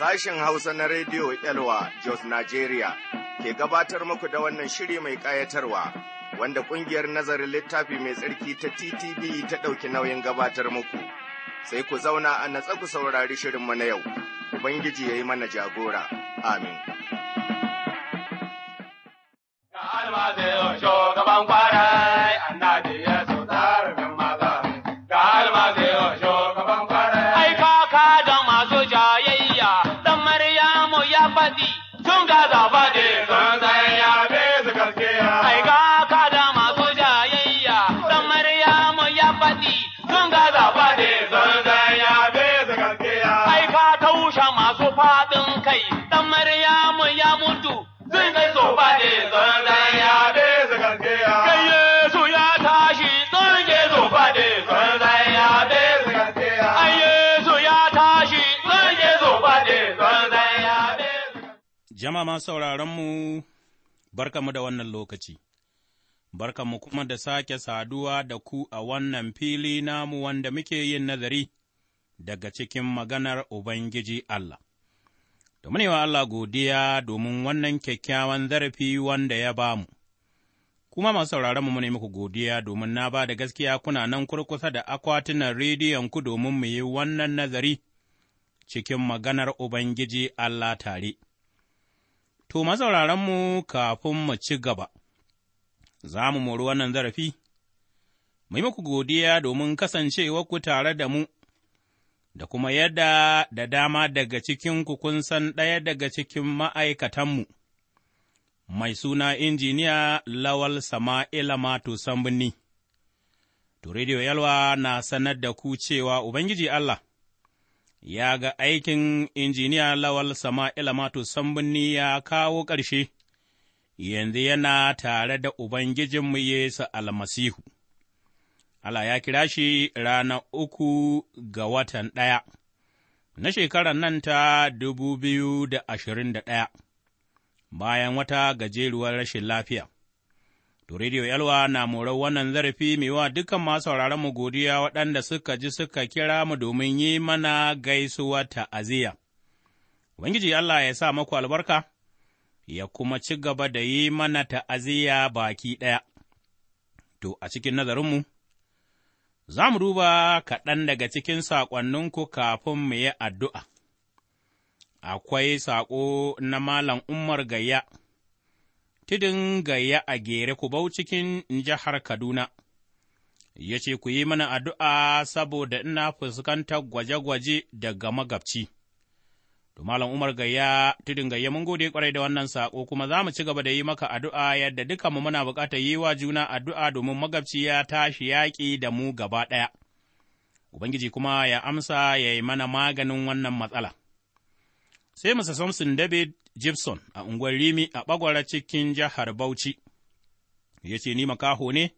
Sashen Hausa na Rediyo Elwa Jos Nigeria ke gabatar muku da wannan shiri mai ƙayatarwa wanda ƙungiyar nazarin littafi mai tsarki ta TTB ta ɗauki nauyin gabatar muku. Sai ku zauna a natsa ku saurari shirinmu na yau, Ubangiji ya yi mana jagora. Amin. Ka almazi gaban kwarai, Jama'a masu sauraronmu, barkamu da wannan lokaci, barka mu kuma da sake saduwa da ku a wannan fili namu wanda muke yin nazari daga cikin maganar Ubangiji Allah. Domin wa Allah godiya domin wannan kyakkyawan zarafi wanda ya ba mu, Kuma masu sauraronmu mu ne muku godiya domin na ba da gaskiya kuna nan kurkusa da akwatunan rediyon ku domin mu yi wannan nazari cikin maganar Ubangiji Allah tare. To, mazauraranmu kafin mu ci gaba, za mu mori wannan zarafi, mu yi muku godiya domin kasancewarku tare da mu, da kuma yadda da dama daga cikinku kun san ɗaya daga cikin ma'aikatanmu, mai suna injiniya Lawal Sama'ila Mato Sambunni. To, Rediyo Yalwa na sanar da ku cewa Ubangiji Allah. ya ga aikin injiniya Lawal Sama'ila Mato Sambunni ya kawo ƙarshe, yanzu yana tare da Ubangijinmu Yesu almasihu. Allah ya kira shi ranar uku ga watan ɗaya, na shekarar nan ta dubu biyu da ashirin da ɗaya, bayan wata gajeruwar rashin lafiya. To, Rediyo Yalwa na morar wannan zarafi mai wa dukan masu mu godiya waɗanda suka ji suka kira mu domin yi mana gaisuwa ta'aziyya. Ubangiji Allah ya sa maku albarka, ya kuma ci gaba da yi mana ta'aziyya baki ɗaya. To, a cikin nazarinmu, za mu duba kaɗan daga cikin saƙonninku kafin mu yi addu'a. Akwai saƙo na Malam Umar Gayya. tidin gayya a gere ku bau cikin jihar Kaduna. Ya ce, Ku yi mana addu'a saboda ina fuskantar gwaje-gwaje daga magabci. To, Malam Umar gayya, tudin gayya mun gode kwarai da wannan saƙo, kuma za mu ci gaba da yi maka addu'a yadda mu muna buƙatar yi wa juna addu'a domin magabci ya tashi yaƙi da mu gaba ɗaya. Ubangiji kuma ya amsa ya yi mana maganin wannan matsala. Sai Musa Samson David Gibson a unguwar Rimi a ɓagwara cikin jihar Bauchi. Ya ce, Ni makaho ne,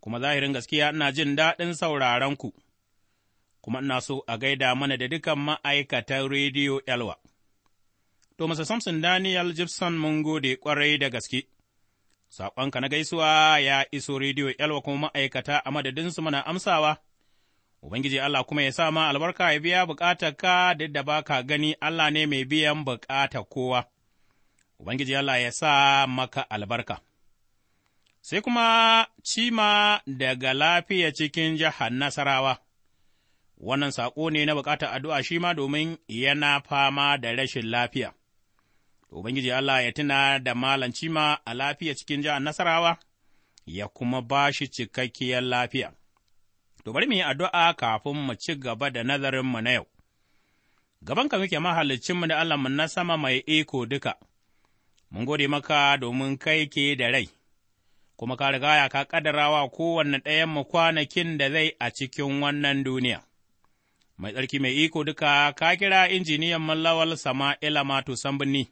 kuma zahirin gaskiya ina jin daɗin sauraronku, kuma ina so a gaida mana da dukan ma'aikatan rediyo Elwa. To, masa Samson Daniel Gibson mun gode ƙwarai da gaske. Saƙonka na gaisuwa ya iso rediyo Elwa kuma ma'aikata a madadinsu mana amsawa. Ubangiji Allah kuma ya sa ma albarka ya biya ka duk da ba ka gani Allah ne mai biyan bukata kowa, Ubangiji Allah ya sa maka albarka. Sai kuma cima daga lafiya cikin jihar Nasarawa, wannan saƙo ne na bukatar addu'a shi ma domin yana fama da rashin lafiya. Ubangiji Allah ya tuna da malam cima a lafiya cikin jihar Nasarawa, ya kuma ba shi cikakkiyar lafiya. To bari mu yi addu'a kafin mu ci gaba da nazarinmu na yau. Gaban ka muke mahalicinmu da Allahnmu na sama mai iko duka, mun gode maka domin kai ke da rai, kuma ka rigaya ka ƙaddarawa kowanne mu kwanakin da zai a cikin wannan duniya. Mai tsarki mai iko duka ka kira injiniyan mallawal Sama'ila Mato Sambini,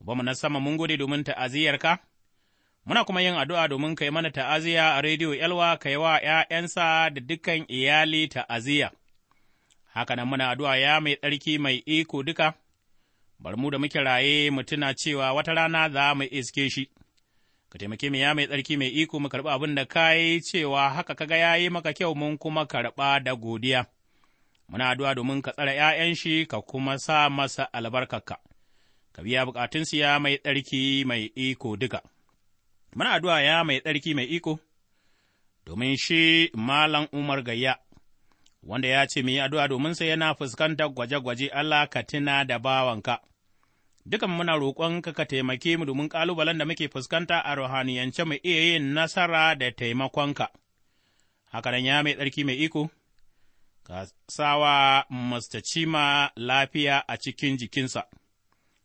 binni. na sama mun gode domin ta'aziyarka. Muna kuma yin addu'a domin ka yi mana ta'aziyya a rediyo Yalwa ka yi wa ’ya'yansa da dukan iyali ta'aziyya. Haka nan muna addu'a ya mai tsarki mai iko duka, bari mu da muke raye mu tuna cewa wata rana za mu iske shi. Ka taimake mu ya mai tsarki mai iko mu karɓi abin da ka yi cewa haka kaga ya yi maka kyau mun kuma karɓa da godiya. Muna addu'a domin ka tsare ’ya'yan shi ka kuma sa masa albarkarka. Ka biya bukatunsu ya mai tsarki mai iko duka. Muna addu'a ya mai tsarki mai iko, domin shi Malam Umar Gayya, wanda ya ce yi addu'a domin sai yana fuskantar gwaje-gwaje Allah ka tuna da bawanka. Dukan muna roƙonka ka taimake mu domin ƙalubalen da muke fuskanta a ruhaniyance mu iya yin nasara da taimakonka. Hakanan ya mai tsarki mai iko, ka sawa lafiya a cikin jikinsa.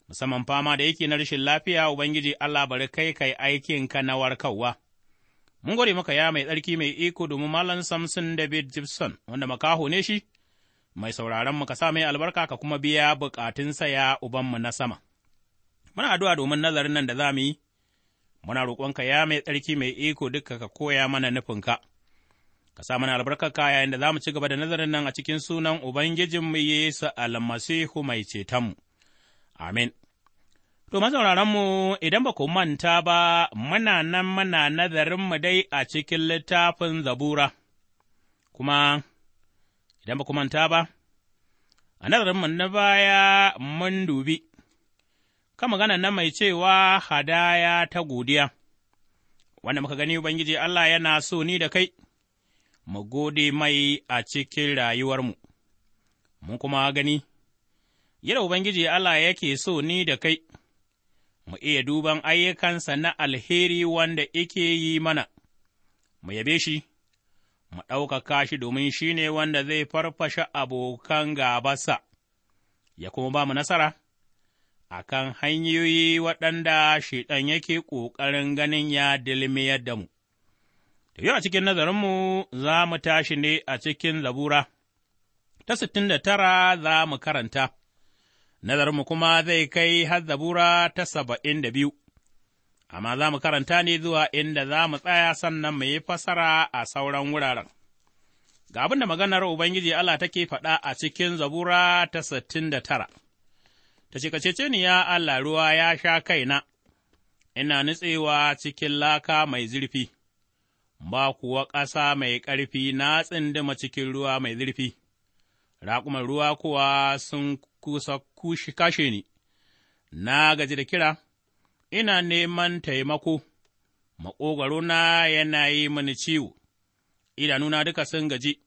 musamman fama da yake na rashin lafiya, Ubangiji Allah bari kai kai aikinka na warkarwa. Mun gode maka ya mai tsarki mai iko domin Malam Samson David Gibson, wanda makaho ne shi, mai sauraron mu sa mai albarka ka kuma biya bukatunsa ya Ubanmu na sama. Muna addu'a domin nazarin nan da za mu yi, muna roƙonka ya mai tsarki mai iko duka ka koya mana nufinka. Ka sa mana albarkar ka yayin da za mu ci gaba da nazarin nan a cikin sunan Ubangijinmu Yesu almasihu mai cetonmu. Amin. To, mu idan ba ku manta ba, muna nan muna nazarinmu dai a cikin littafin zabura, kuma idan ba ku manta ba, a nazarinmu na baya mun dubi, kan magana na mai cewa hadaya ta godiya, wanda muka gani Ubangiji Allah yana so ni da kai, mu gode mai a cikin rayuwarmu, mun kuma gani. yadda Ubangiji Allah yake so ni da kai, mu iya duban ayyukansa na alheri wanda yake yi mana, mu yabe shi, mu ɗaukaka shi domin shi ne wanda zai farfashe abokan gabasa. ya kuma ba mu nasara a kan hanyoyi waɗanda Shiɗan yake ƙoƙarin ganin ya dilmiyar da mu. Da yau a cikin nazarinmu za mu tashi ne a cikin zabura, ta sittin da tara za mu karanta. nazarinmu kuma zai kai har zabura ta saba'in da biyu, amma za mu karanta ne zuwa inda za mu tsaya sannan mu yi fasara a sauran wuraren. Ga abin da maganar Ubangiji Allah take faɗa a cikin zabura ta sittin da tara, ta ce, ni ya Allah ruwa ya sha kaina, ina nutsewa cikin laka mai zurfi, ba kuwa ƙasa mai ƙarfi na tsindima cikin ruwa mai zurfi, raƙuman ruwa kuwa sun kusa ku shi kashe ni, na gaji da kira, ina neman taimako, na yana yi mini ciwo, idanuna duka sun gaji,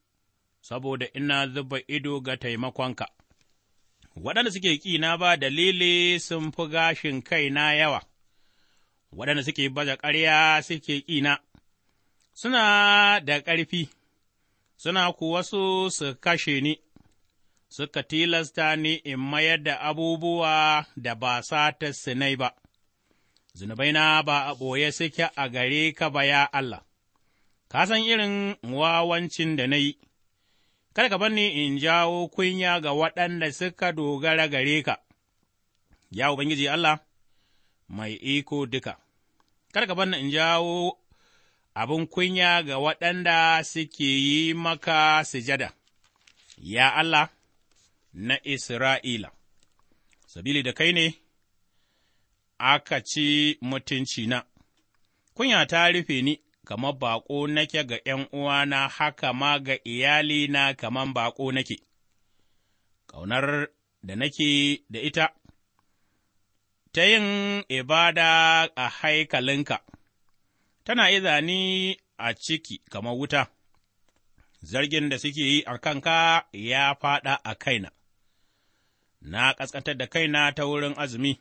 saboda ina zuba ido ga taimakonka. Waɗanda suke ƙina ba dalili sun fi gashin kai na yawa, waɗanda suke baza ƙarya suke ƙina, suna da ƙarfi, suna kuwa su su kashe ni. suka tilasta ni in mayar da abubuwa da ba sata sinai ba, zunubaina ba a ɓoye suke a gare ka ba ya Allah, ka san irin wawancin da na yi, kada ka ni in jawo kunya ga waɗanda suka dogara gare ka, ya Ubangiji Allah, mai iko duka, kada ka ni in jawo abin kunya ga waɗanda suke yi maka sujada, ya Allah. na Isra'ila, sabili da kai ne aka ci mutuncina, kunya ta rufe ni, kamar baƙo nake ga ’yan uwana haka ma ga iyalina kamar baƙo nake, ƙaunar da nake da ita, ta yin ibada a haikalinka, tana izani a ciki kamar wuta. zargin da suke yi a kanka ya faɗa a kaina, na ƙasƙantar da kaina ta wurin azumi,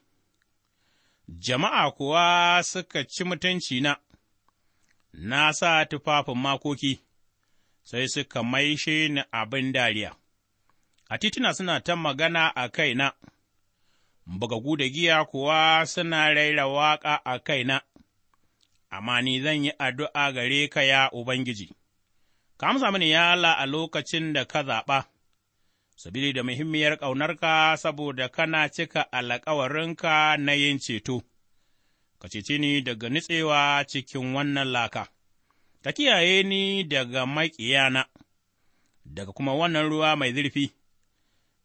jama'a kuwa suka ci mutunci na Na sa tufafin makoki, sai suka maishe ni abin dariya, a tituna suna ta magana a kaina, bugagu da giya kuwa suna raira waƙa a kaina, amma ni zan yi addu'a gare ka ya Ubangiji, ka amsa mini yala a lokacin da ka zaɓa. sabili muhimmiyar ƙaunarka saboda kana cika alkawarinka na yin ceto, ka cece ni daga nitsewa cikin wannan laka, ta kiyaye ni daga maƙiyana, daga kuma wannan ruwa mai zurfi,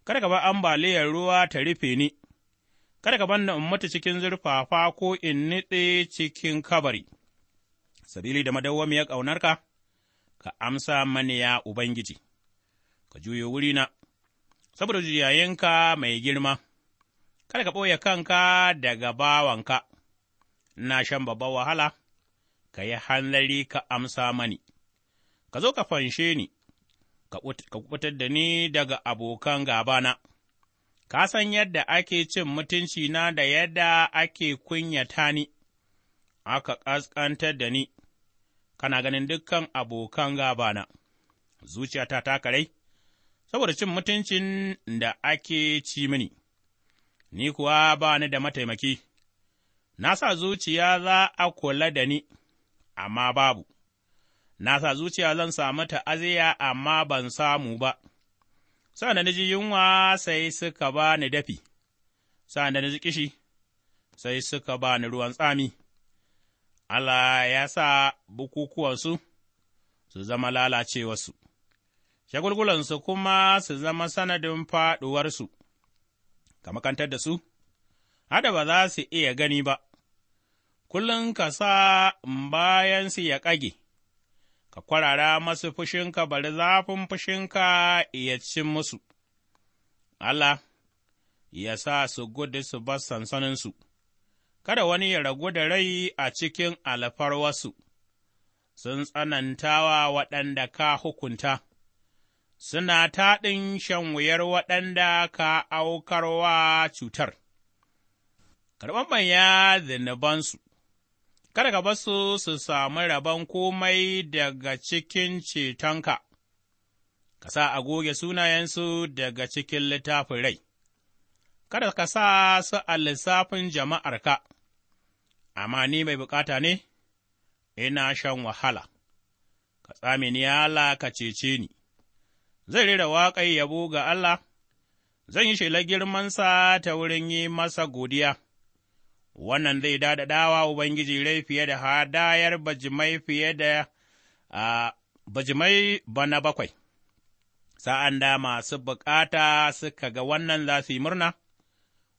kada ka ba ambaliyar ruwa ta rufe ni, kada ka banna in cikin zurfafa ko in nitse cikin kabari, sabili da madawwamiyar ƙaunarka, ka amsa mani ya Ubangiji, ka juyo wurina. saboda juyayinka mai girma, kada ka ɓoye kanka daga bawanka, na shan babban wahala, ka yi hanzari ka amsa mani, ka zo ka fanshe ni, ka kubutar da ni daga abokan gabana. Ka san yadda ake cin mutunci na da yadda ake kunyata ni, aka ƙasƙantar da ni, kana ganin dukkan abokan gabana, zuciyata ta karai, saboda cin mutuncin da ake ci mini, ni kuwa ba ni da mataimaki, na sa zuciya za a kula da ni, amma babu, na sa zuciya zan samu ta'aziya, amma ban samu ba, sa'an da na ji yunwa sai suka ba ni dafi, sa'an da na ji kishi sai suka ba ni ruwan tsami. Allah ya sa bukukuwansu su zama lalacewarsu. shagulgulansu kuma su zama sanadin faɗuwarsu, ka makantar da su, hada ba za su iya gani ba, kullum ka sa bayansu ya ƙage, ka kwarara masu fushinka bari zafin fushinka ya cin musu, Allah ya sa su gudu su bar sansaninsu, kada wani ya ragu da rai a cikin alfarwarsu. Sun tsanantawa waɗanda ka hukunta. suna taɗin shan wuyar waɗanda ka aukarwa cutar, karɓan manya zinubansu, kada ka basu su sami rabon komai daga cikin cetonka, ka sa a goge sunayensu daga cikin littafin rai, kada ka sa su a lissafin jama'arka, amma ni mai bukata ne, ina shan wahala, ka tsamini ni ka cece ni. zai rera waƙai yabo ga Allah, zan yi shela girmansa ta wurin yi masa godiya. Wannan zai daɗaɗawa Ubangiji rai fiye da hadayar bajimai fiye da a bajimai bana bakwai. Sa'an da masu bukata suka ga wannan za su yi murna,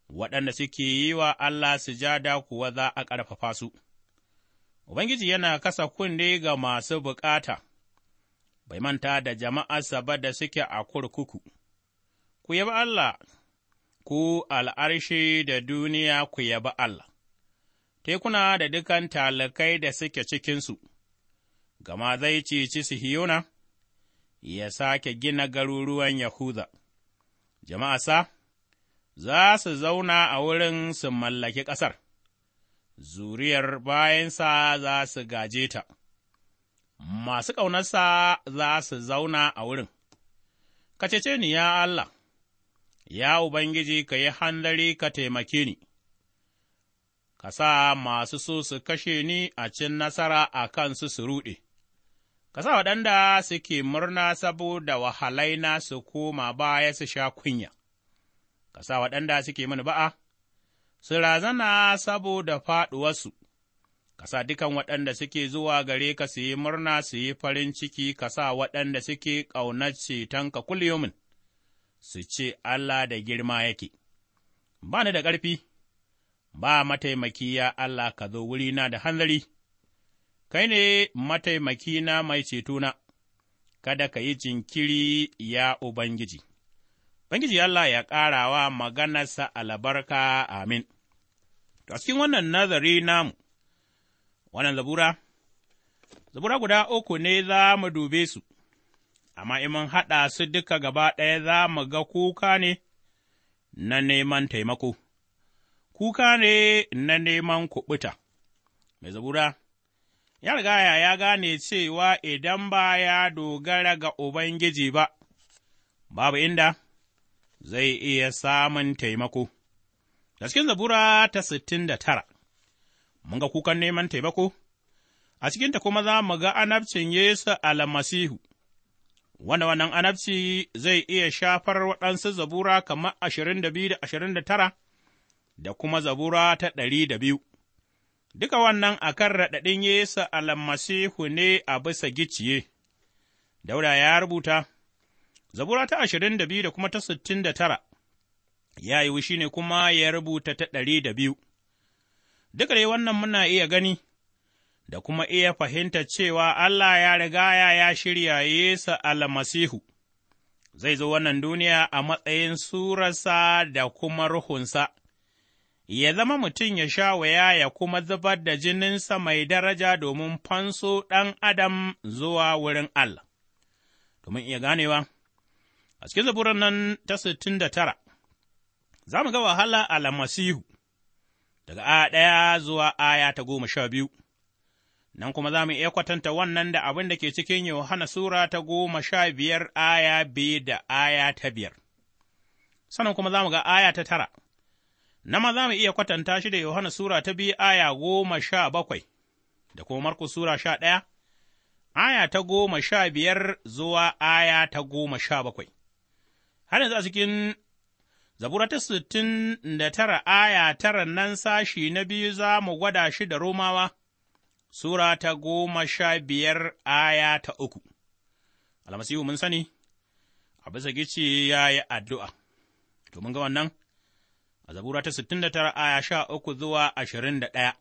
waɗanda suke yi wa Allah sujada kuwa za a ƙarfafa su. Ubangiji yana kasa kunne ga masu bukata. bai manta da jama'arsa ba da suke a kurkuku. Ku yaba Allah, ku al'arshi da duniya ku yaba Allah, tekuna da dukan talakai da suke cikinsu, gama zai cici Sihiyona, ya sake gina garuruwan Yahuda. Jama'asa, za su zauna a wurin su mallaki ƙasar, zuriyar bayansa za su gaje ta. masu ƙaunarsa za su zauna a wurin. Ka cece ni, ya Allah, ya Ubangiji, ka yi handari ka taimake ni, ka sa masu so su kashe ni a cin nasara a kansu su ruɗe, ka sa waɗanda suke murna saboda wahalai na su koma baya su sha kunya, ka sa waɗanda suke mini ba'a, su razana saboda faɗuwarsu. ka sa dukan waɗanda suke zuwa gare ka su yi murna su yi farin ciki, ka sa waɗanda suke ƙaunar cetonka kullumin su ce Allah da girma yake, ba ni da ƙarfi, ba mataimaki ya Allah ka zo na da hanzari, kai ne mataimaki na mai cetona, kada ka yi jinkiri ya Ubangiji. Ubangiji Allah ya ƙarawa maganarsa alabarka amin. To, cikin wannan nazari namu. wannan zabura, zabura guda uku ne za mu dube su, amma in mun haɗa su duka gaba ɗaya za mu ga kuka ne na neman taimako, kuka ne na neman kuɓuta. Mai zabura, ya riga ya gane cewa idan ba ya dogara ga Ubangiji ba, babu inda zai iya samun taimako. Gaskin zabura ta sittin da tara. mun ga kukan neman taimako, a cikinta kuma za mu ga anabcin Yesu almasihu wanda wannan anabci zai iya shafar waɗansu zabura kamar ashirin da biyu da ashirin da tara da kuma zabura ta ɗari da biyu. Duka wannan a kan raɗaɗin Yesu almasihu ne a bisa giciye, Dauda ya rubuta, Zabura ta ashirin da biyu da kuma ta sittin da tara, ya yi ne kuma ya rubuta ta ɗari da biyu. duka dai wannan muna iya gani, da kuma iya fahimta cewa Allah ya rigaya ya shirya Yesu almasihu, zai zo wannan duniya a matsayin surarsa da kuma ruhunsa, ya zama mutum ya sha waya ya kuma zubar da jininsa mai daraja domin fanso ɗan adam zuwa wurin Allah. Domin iya ganewa, a cikin zaburan nan ta sittin da tara, za mu ga wahala almasihu. daga aya ɗaya zuwa aya ta goma sha biyu. Nan kuma za mu iya kwatanta wannan da abin da ke cikin Yohana Sura ta goma sha biyar aya biyu da aya ta biyar. Sannan kuma za mu ga aya ta tara. Na ma za mu iya kwatanta shi da Yohana Sura ta biyu aya goma sha bakwai, da kuma Markus Sura sha ɗaya, aya ta goma sha biyar zuwa aya ta goma sha bakwai. Har yanzu a cikin Zabura ta sittin da tara aya tara nan sashi na biyu za mu gwada shi da Romawa, Sura ta goma sha biyar aya ta uku. Almasihu mun sani, a bisa gici ya yi addu'a, to ga wannan, a zabura ta sittin da tara aya sha uku zuwa ashirin da ɗaya.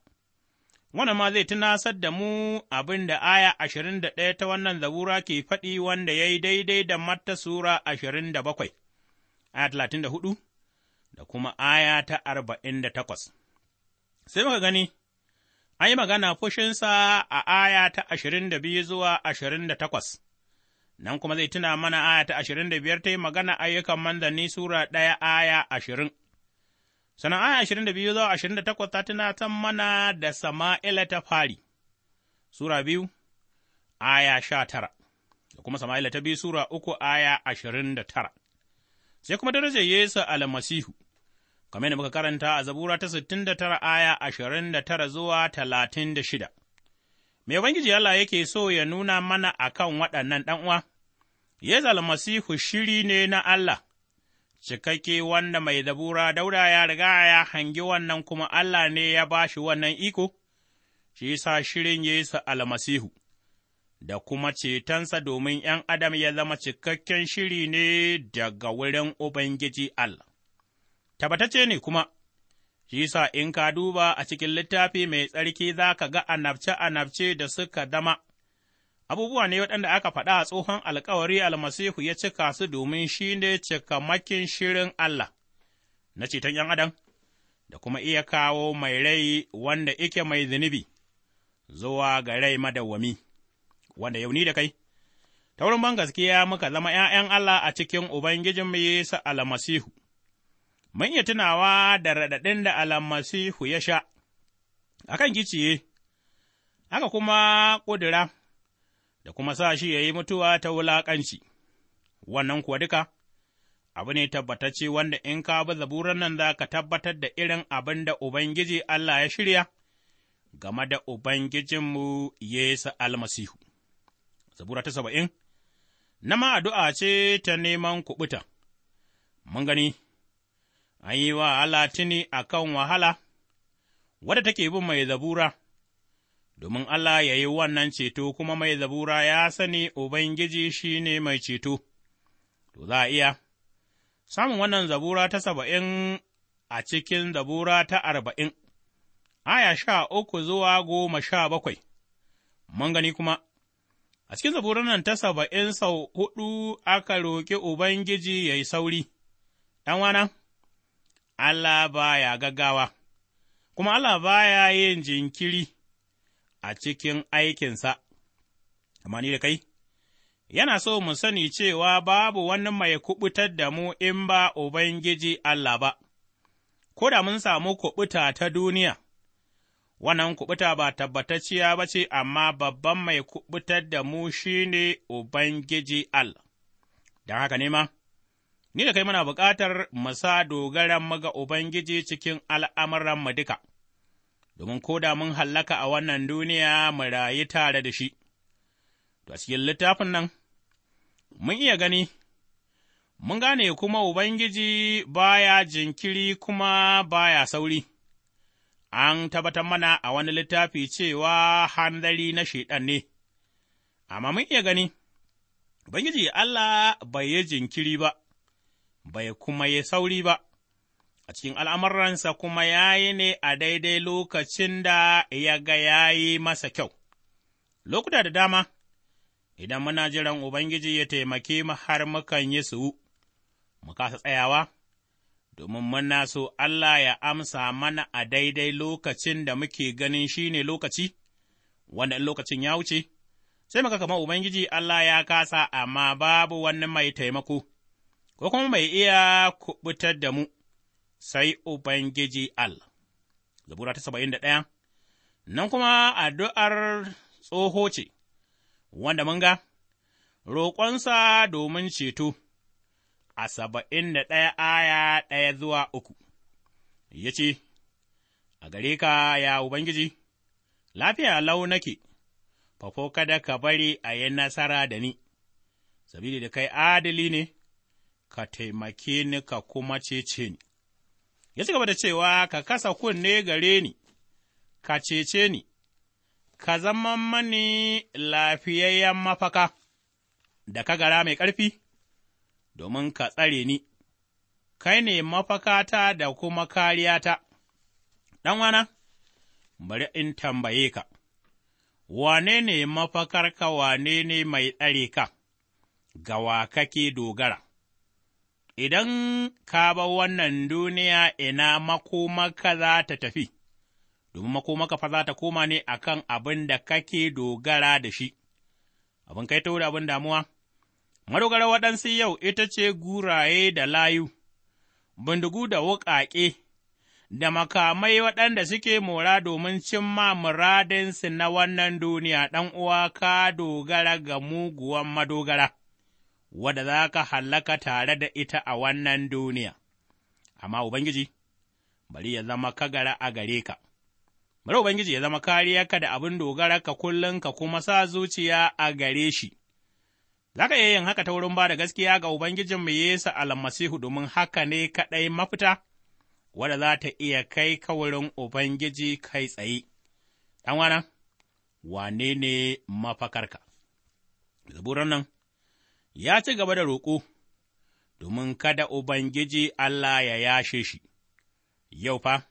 Wannan ma zai tunasar da mu abin da aya ashirin da ɗaya ta wannan zabura ke faɗi wanda ya yi daidai da mata Sura ashirin da bakwai. aya talatin da hudu da kuma aya ta arba'in da takwas. Sai muka gani, an yi magana fushinsa a aya ta ashirin da biyu zuwa ashirin da takwas, nan kuma zai tuna mana aya ta ashirin da biyar ta yi magana ayyukan manzanni Sura ɗaya aya ashirin. Sannan aya ashirin da biyu zuwa ashirin da takwas ta tuna, ta mana da Sama'ila ta fari, Sura biyu, aya sha tara, da kuma Sama'ila ta biyu Sura uku aya ashirin da tara. sai kuma darajar Yesu almasihu, kamar da muka karanta a zabura ta sittin da tara aya ashirin da tara zuwa talatin da shida. Me Ubangiji Allah yake so ya nuna mana a kan waɗannan ɗan'uwa? Yesu almasihu shiri ne na Allah, cikakke wanda mai zabura dauda ya riga ya hangi wannan kuma Allah ne ya ba shi wannan iko, shi sa shirin Yesu almasihu. da kuma cetonsa domin ’yan adam ya zama cikakken shiri ne daga wurin Ubangiji Allah. Tabbatacce ne kuma, shi sa in ka duba a cikin littafi mai tsarki za ka ga anabce-anabce da suka zama, abubuwa ne waɗanda aka faɗa a tsohon alkawari almasihu ya cika su domin shi ne cikamakin shirin Allah na ceton ’yan adam, da kuma iya kawo mai rai wanda ike mai zunubi zuwa ga rai madawwami. wanda yau ni da kai, ta wurin bangaskiya muka zama ’ya'yan Allah a cikin Ubangijinmu Yesu almasihu. Mun iya tunawa da raɗaɗin da almasihu ya sha, a kan giciye, aka kuma ƙudura, da kuma sa shi ya yi mutuwa ta wulaƙanci, wannan kuwa duka. abu ne tabbatacce wanda in ka bi zaburan nan za ka tabbatar da irin abin da Ubangiji Allah ya shirya game da Ubangijinmu Yesu almasihu. Zabura ta saba'in, nama addu'a ce ta neman kuɓuta, mun gani, an yi wa Allah tuni a kan wahala, wadda take bin mai zabura, domin Allah ya yi wannan ceto kuma mai zabura ya sani Ubangiji shi ne mai ceto, to za a iya, samun wannan zabura ta saba'in a cikin zabura ta arba'in, aya sha uku zuwa goma sha bakwai, mun gani kuma. A cikin zaburan nan ta saba'in sau huɗu aka roƙi Ubangiji ya yi sauri, wana, Allah baya gaggawa, kuma Allah baya yin jinkiri a cikin aikinsa, amma ni da kai, yana so mu sani cewa babu wani mai kuɓutar da mu in ba Ubangiji Allah ba, ko da mun samu kuɓuta ta duniya. wannan kuɓuta ba tabbatacciya ba ce, amma babban mai kuɓutar da mu shi ne Ubangiji Al. Don haka nema, ni da kai muna bukatar mu sa dogaran mu ga Ubangiji cikin al'amuranmu duka, domin ko da mun hallaka a wannan duniya mu rayu tare da shi. To, cikin littafin nan, mun iya gani, mun gane kuma Ubangiji baya jinkiri kuma baya sauri. an tabbatar mana a wani littafi cewa hanzari na Shaiɗan ne, amma mun iya gani, Ubangiji Allah bai yi jinkiri ba, bai kuma yi sauri ba, a cikin al'amuransa kuma ya yi ne a daidai lokacin da ya ga ya yi masa kyau. Lokuta da dama, idan muna jiran Ubangiji ya taimake mu har mukan yi su, mu kasa tsayawa, domin muna so Allah ya amsa mana a daidai lokacin da muke ganin shi ne lokaci, wanda in lokacin ya wuce, sai muka kama Ubangiji Allah ya kasa amma babu wani mai taimako, ko kuma mai iya kuɓutar da mu, sai Ubangiji Allah. Zabura ta saba'in da ɗaya, nan kuma addu'ar tsoho ce, wanda mun ga, roƙonsa domin ceto. a saba'in da ɗaya aya ɗaya zuwa uku, ya ce, A gare ka, ya Ubangiji, lafiya lau nake, fafo kada ka bari a yi nasara da ni, sabili da kai adali ne, ka taimake ni ka kuma cece ni. Ya ci gaba da cewa, Ka kasa kunne gare ni, ka cece ni, ka zama mani lafiyayyen mafaka, da ka gara mai ƙarfi. domin ka tsare ni, kai ne mafakata da kuma kariyata, ɗanwana, bari in tambaye ka, wane ne mafakarka wane ne mai tsare ka, ga wa kake dogara, idan ka ba wannan duniya ina makomaka za ta tafi, domin makomaka fa za ta koma ne akan abin da kake dogara da shi, abin kai ta abin damuwa. madogara waɗansu yau ita ce guraye da layu, bindigu da wuƙaƙe, da makamai waɗanda suke mora domin cimma muradinsu na wannan duniya ɗan uwa ka dogara ga muguwan madogara, wadda za ka hallaka tare da ita a wannan duniya. Amma Ubangiji, bari ya zama kagara a gare ka. Bari Ubangiji ya zama kariyarka da abin dogara ka kullum ka kuma sa zuciya a gare shi, Za ka iya yin haka ta wurin ba da gaskiya ga Ubangijin Ubangijinmu Yesu almasihu domin haka ne kaɗai mafita, wadda za ta iya kai ka wurin Ubangiji kai tsaye. wana, wane ne mafakarka? Zaburan nan ya ci gaba da roƙo, domin kada Ubangiji Allah ya yashe shi, yau fa.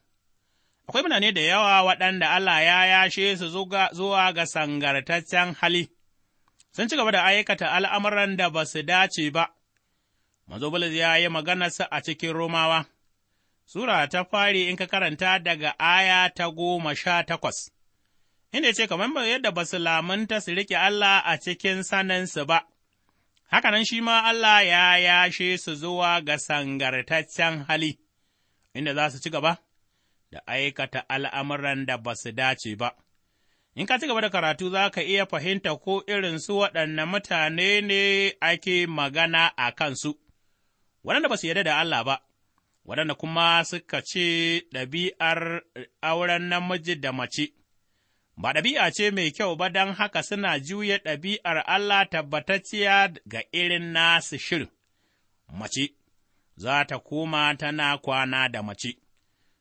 akwai mutane da yawa waɗanda Allah ya yashe su zuwa ga sangartaccen hali, sun ci gaba da aikata al'amuran da ba su dace ba, Mazo Bulus ya yi maganarsa a cikin Romawa, Sura ta fari in ka karanta daga aya ta goma sha takwas, inda ce kamar yadda ba su lamunta su riƙe Allah a cikin sanansu ba, hakanan shi ma Allah ya yashe su zuwa ga sangartaccen hali, inda za su ci gaba da aikata al'amuran da ba su dace ba. in ka ci gaba da karatu za ka iya fahimta ko irin su waɗanne mutane ne ake magana a kansu, waɗanda ba su yarda da Allah ba, waɗanda kuma suka ce ɗabi'ar auren namiji da mace. Ba ɗabi'a ce mai kyau ba don haka suna juya ɗabi'ar Allah tabbatacciya ga irin nasu shirin, mace za ta koma tana kwana da mace.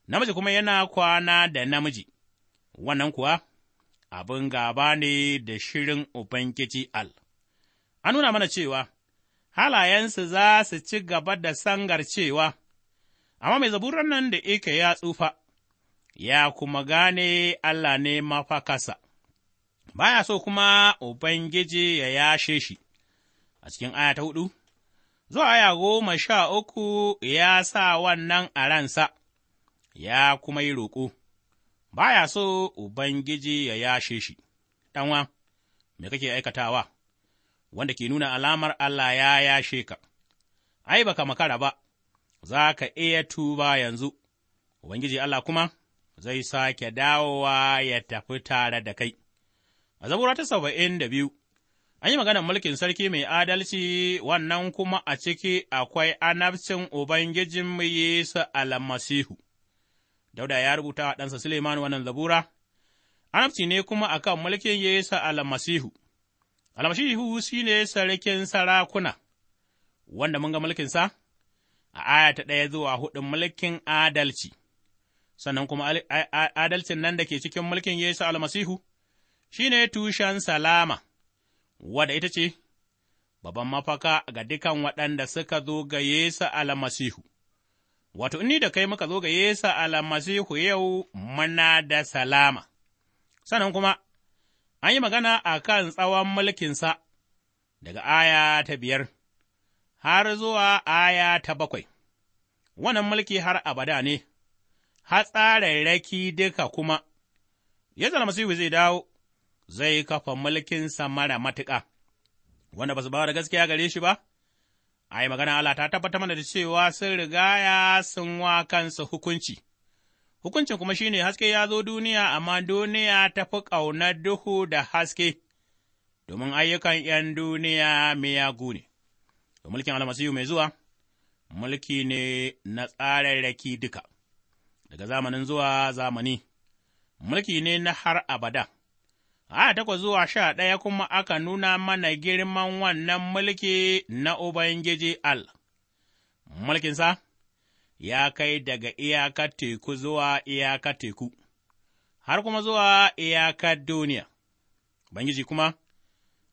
namiji kuma yana kwana da namiji, wannan kuwa abin gaba ne da shirin Ubangiji Al. An nuna mana cewa, halayensu za su ci gaba da sangar cewa, amma mai zaburan nan da ike ya tsufa, ya kuma gane Allah ne mafakasa, baya so kuma Ubangiji ya yashe shi, a cikin aya ta hudu, zuwa aya goma sha uku ya sa wannan a ransa, ya kuma yi roƙo. baya so Ubangiji ya yashe shi, ɗanwa, me kake aikatawa, wanda ke nuna alamar Allah ya yashe ka, ai, baka makara ba, za ka iya tuba yanzu, Ubangiji Allah kuma zai sake dawowa ya tafi tare da kai. A zabura ta saba'in da biyu, an yi maganar mulkin sarki mai adalci wannan kuma a ciki akwai anabcin Ubangijinmu Yesu almasihu. Dauda ya rubuta wa ɗansa Suleiman wannan zabura, Anabci ne kuma akan mulkin Yesu almasihu. Almasihu shi ne sarkin sarakuna, wanda mun ga mulkinsa a aya ta ɗaya zuwa huɗun mulkin adalci, sannan kuma adalcin nan da ke cikin mulkin Yesu almasihu shi ne tushen salama, wadda ita ce babban mafaka ga dukan waɗanda suka zo ga Yesu almasihu. wato, ni da kai muka zo ga Yesu almasihu yau muna da salama. Sannan kuma, an yi magana a kan tsawon mulkinsa daga aya ta biyar har zuwa aya ta bakwai, wannan mulki har abada ne, hatsararraki duka kuma, Yesu almasihu zai dawo, zai kafa mulkinsa mara matuƙa, wanda ba su ba da gaskiya gare shi ba? ai, magana Allah ta tabbatar mana da cewa sun rigaya sun wa kansa hukunci. Hukuncin kuma shi ne haske ya zo duniya, amma duniya ta fi ƙaunar duhu da haske, domin ayyukan ’yan duniya miyagu ne. Da mulkin almasihu mai zuwa, mulki ne na tsararraki duka, daga zamanin zuwa zamani, mulki ne na har abada. a takwas zuwa sha ɗaya kuma aka nuna mana girman wannan mulki na Ubangiji Al, mulkinsa ya kai daga iyakar teku zuwa iyakar teku, har kuma zuwa iyakar duniya, Ubangiji kuma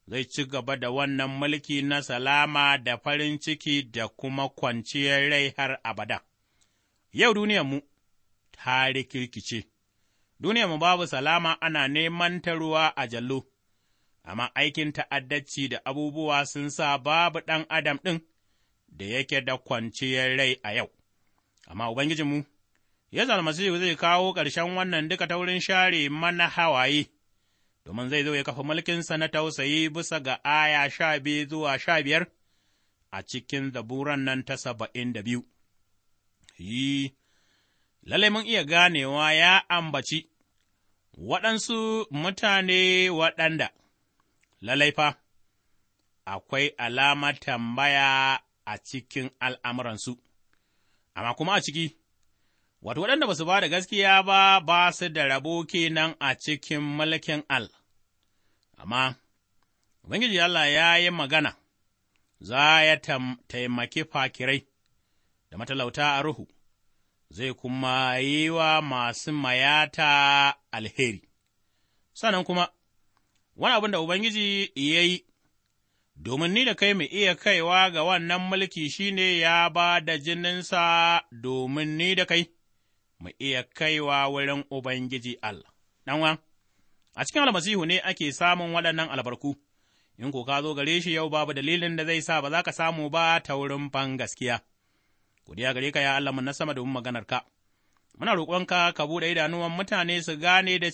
zai ci gaba da wannan mulki na salama da farin ciki da kuma kwanciyar rai har abada. Yau duniyarmu ta rikirkice. Duniya mu babu salama ana neman ta a jallo, amma aikin ta'addaci da abubuwa sun sa babu ɗan adam ɗin da yake da kwanciyar rai a yau, amma Ubangijinmu, ya almasihu zai kawo ƙarshen wannan duka ta wurin share mana hawaye, domin zai zo ya kafa mulkinsa na tausayi bisa ga aya sha biyu zuwa sha biyar a cikin zaburan nan ta saba'in da biyu. Yi, lallai mun iya ganewa ya ambaci waɗansu mutane waɗanda, lalaifa akwai alama tambaya a cikin al'amuransu, amma kuma a ciki, wato waɗanda ba su ba da gaskiya ba ba su da rabo kenan a cikin mulkin al, amma Ubangiji Allah ya yi magana, za ya taimaki fakirai da matalauta a ruhu. zai kuma yi wa masu mayata alheri. Sannan kuma, wani abin da Ubangiji ya yi, domin ni da kai mu iya kaiwa ga wannan mulki shi ne ya ba da jininsa domin ni da kai, mu iya kaiwa wurin Ubangiji Allah. Ɗanwa, a cikin almasihu ne ake samun waɗannan albarku, in ko ka zo gare shi yau babu dalilin da zai sa ba za ka samu ba ta wurin gaskiya. Godiya gare ka ya Allah na sama domin maganar ka. Muna roƙonka ka buɗe idanuwan mutane su gane da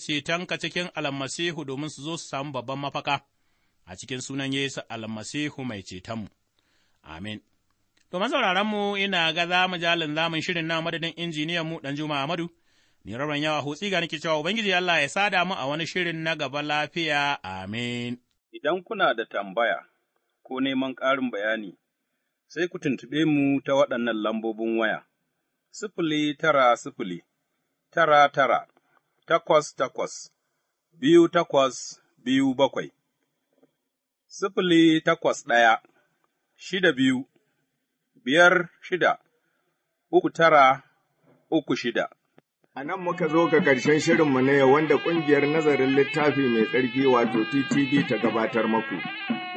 ka cikin almasihu domin su zo su samu babban mafaka a cikin sunan Yesu almasihu mai cetonmu. Amin. To mu ina ga za mu jalin zamun shirin na madadin injiniyan mu dan Juma Amadu. Ni rabban yawa hotsi ga niki cewa Ubangiji Allah ya sada mu a wani shirin na gaba lafiya. Amin. Idan kuna da tambaya ko neman ƙarin bayani sai ku tuntuɓe mu ta waɗannan lambobin waya, sifili tara sifili, tara tara, takwas takwas, biyu takwas biyu bakwai, sifili takwas ɗaya, shida biyu, biyar shida, uku tara, uku shida. A nan muka zo ga ƙarshen shirinmu ne wanda ƙungiyar nazarin littafi mai tsarki wato TTD ta gabatar maku.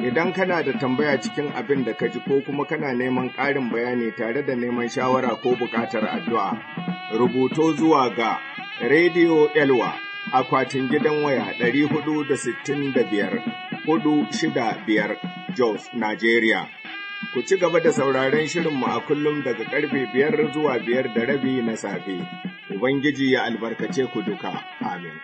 Idan kana da tambaya cikin abin da ka ji ko kuma kana neman ƙarin bayani tare da neman shawara ko buƙatar addu'a, rubuto zuwa ga Radio Elwa akwatin gidan waya 465 biyar Jos, Nigeria. Ku ci gaba da sauraron shirinmu a kullum daga karfe biyar zuwa biyar da rabi na safe. Ubangiji ya albarkace ku duka. Amin.